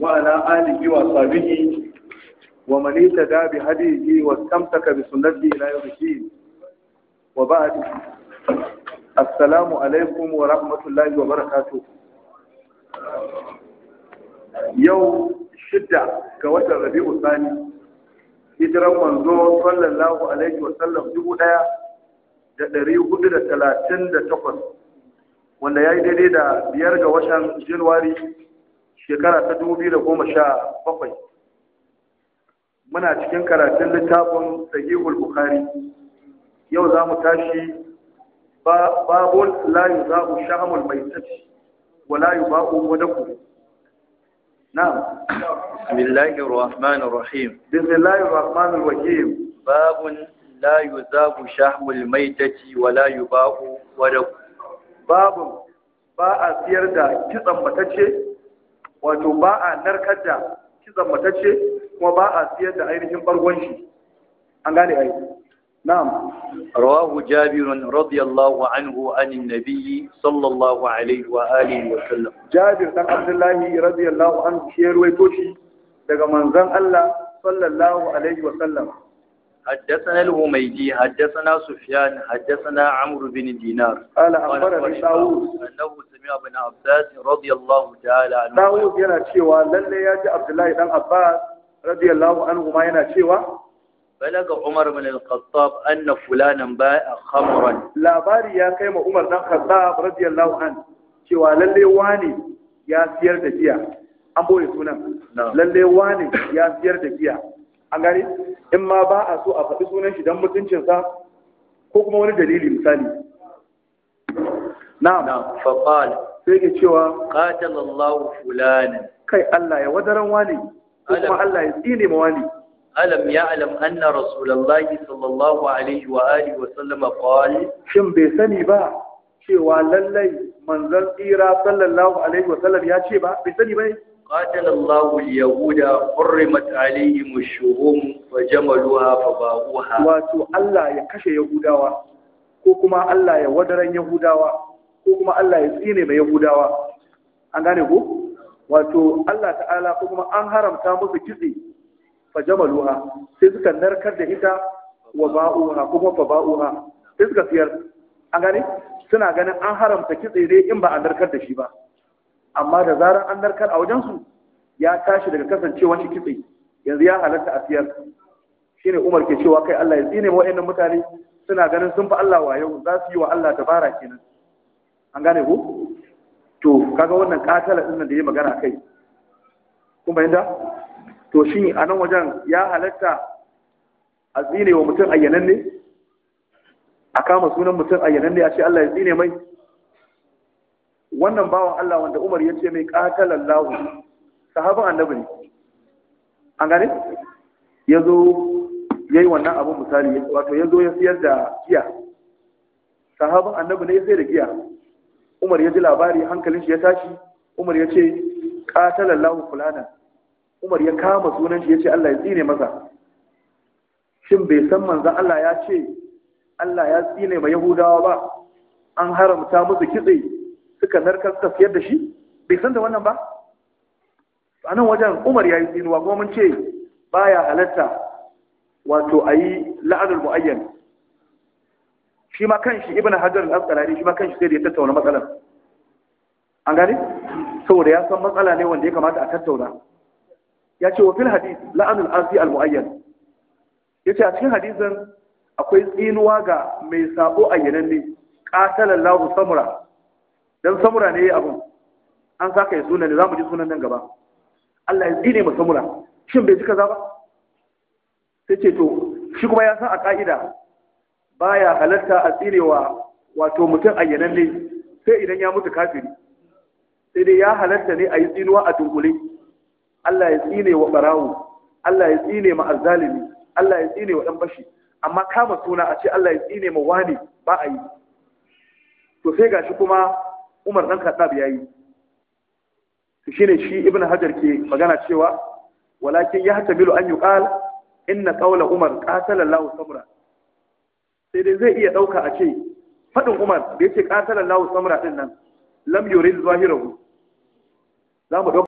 وعلى آله وصحبه ومن اهتدى بهديه واستمسك بسنته إلى يوم الدين وبعد السلام عليكم ورحمة الله وبركاته يوم شدة كوات الربيع الثاني hijiran manzo sallallahu alaihi wasallam dubu ɗaya da ɗari hudu talatin da takwas wanda ya yi daidai da biyar ga watan januwari shekara ta dubu biyu da goma sha bakwai muna cikin karatun littafin sahihul bukhari yau za mu tashi babu layu za mu sha hamul mai tafi wa layu ba ku wada ku na'am bismillahir Rahman rahim bismillahir Rahman rahim babu za mu sha yuzabu mai maitati wa la yubahu ku. babu ba a siyar da kitsan batacce wato ba a narkar da kizan matacce kuma ba a siyar da ainihin bargon shi an gane ai na'am rawahu jabir radiyallahu anhu an annabi sallallahu alaihi wa alihi wa sallam jabir dan abdullahi radiyallahu anhu shi ruwaito shi daga manzon Allah sallallahu alaihi wa sallam حدثنا الهميدي حدثنا سفيان حدثنا عمرو بن دينار قال أخبرني داوود أنه سمع بن عباس رضي الله تعالى عنه داوود yana cewa lalle ya ji Abdullahi dan Abbas radiyallahu anhu ma yana cewa balaga Umar bin al-Khattab anna fulanan ba'a khamran labari ya kai ma Umar dan Khattab radiyallahu anhu cewa lalle wani ya siyar da giya an boye sunan lalle wani ya siyar da giya an gane in ma ba a so a faɗi sunan shi don mutuncinsa ko kuma wani dalili misali na'am faqal sai ke cewa qatalallahu Fulani. kai Allah ya wadaran wani ko kuma Allah ya tsine ma wani alam ya'lam anna Rasulallah, sallallahu alaihi wa alihi wa sallama qala shin bai sani ba cewa lallai manzon tsira sallallahu alaihi wa sallam ya ce ba bai sani ba ne قاتل الله اليهود حرمت عليهم الشهوم فجملوها فباغوها واتو الله يا كشه يهوداوا ko kuma Allah ya wadaran yahudawa ko kuma Allah ya tsine mai yahudawa an gane ku wato Allah ta'ala ko kuma an haramta musu kitse fa jamaluha sai suka narkar da ita wa ba'uha kuma fa ba'uha sai suka siyar an gane suna ganin an haramta kitse dai in ba a narkar da shi ba amma da zarar an narkar a wajensu ya tashi daga kasancewa shi kitse yanzu ya halatta a siyar shine Umar ke cewa kai Allah ya tsine wa waɗannan mutane suna ganin sun fi Allah yau za su yi wa Allah dabara kenan an gane ku to kaga wannan katala din nan da ya magana kai kun bayyana to shi a nan wajen ya halatta a tsine wa mutum ayyanan ne a kama sunan mutum ayyanan ne a ce Allah ya tsine mai wannan bawan Allah wanda Umar ya ce mai Allah sahaban annabi ne an gane ya zo ya yi wannan abin misali wato ya zo ya siyar da giya sahabin annabi ne ya sayar da giya umar ya ji labari hankalin shi ya tashi umar ya ce Allah fulana umar ya kama sunan shi ya ce Allah ya tsine masa shin bai san manzon Allah ya ce Allah ya tsine ma Yahudawa ba an haramta musu kitse suka narkar ta siyar da shi bai san da wannan ba a nan wajen umar ya yi tsinuwa kuma mun ce baya halatta wato a yi la'adar mu'ayyan shi ma kan shi ibn hajjar al-asqalani shi ma kan shi sai da ya tattauna matsalar an gani? saboda ya san matsala ne wanda ya kamata a tattauna ya ce wa fil hadith la'adar arzi al-mu'ayyan ce a cikin hadisin akwai tsinuwa ga mai sabo ayyanan ne ƙasalar Allahu samura dan samura ne yayi abun an saka ya sunan ne zamu ji sunan nan gaba Allah ya tsine mu samura shin bai ji kaza ba sai ce to shi kuma ya san a ka'ida baya halatta a tsinewa wato mutum ayyanan ne sai idan ya mutu kafiri sai dai ya halatta ne a yi tsinuwa a dunkule Allah ya tsine wa barawo Allah ya tsine ma azzalimi Allah ya tsine wa dan bashi amma kama suna a ce Allah ya tsine ma wani ba a yi to sai gashi kuma umar dan khattab yayi shine shi ibnu hajar ke magana cewa walakin yahtabilu an yuqal inna qawla umar qatala samra sai dai zai iya ɗauka a ce faɗin umar da yace qatala Allahu samra din nan lam yurid zahirahu za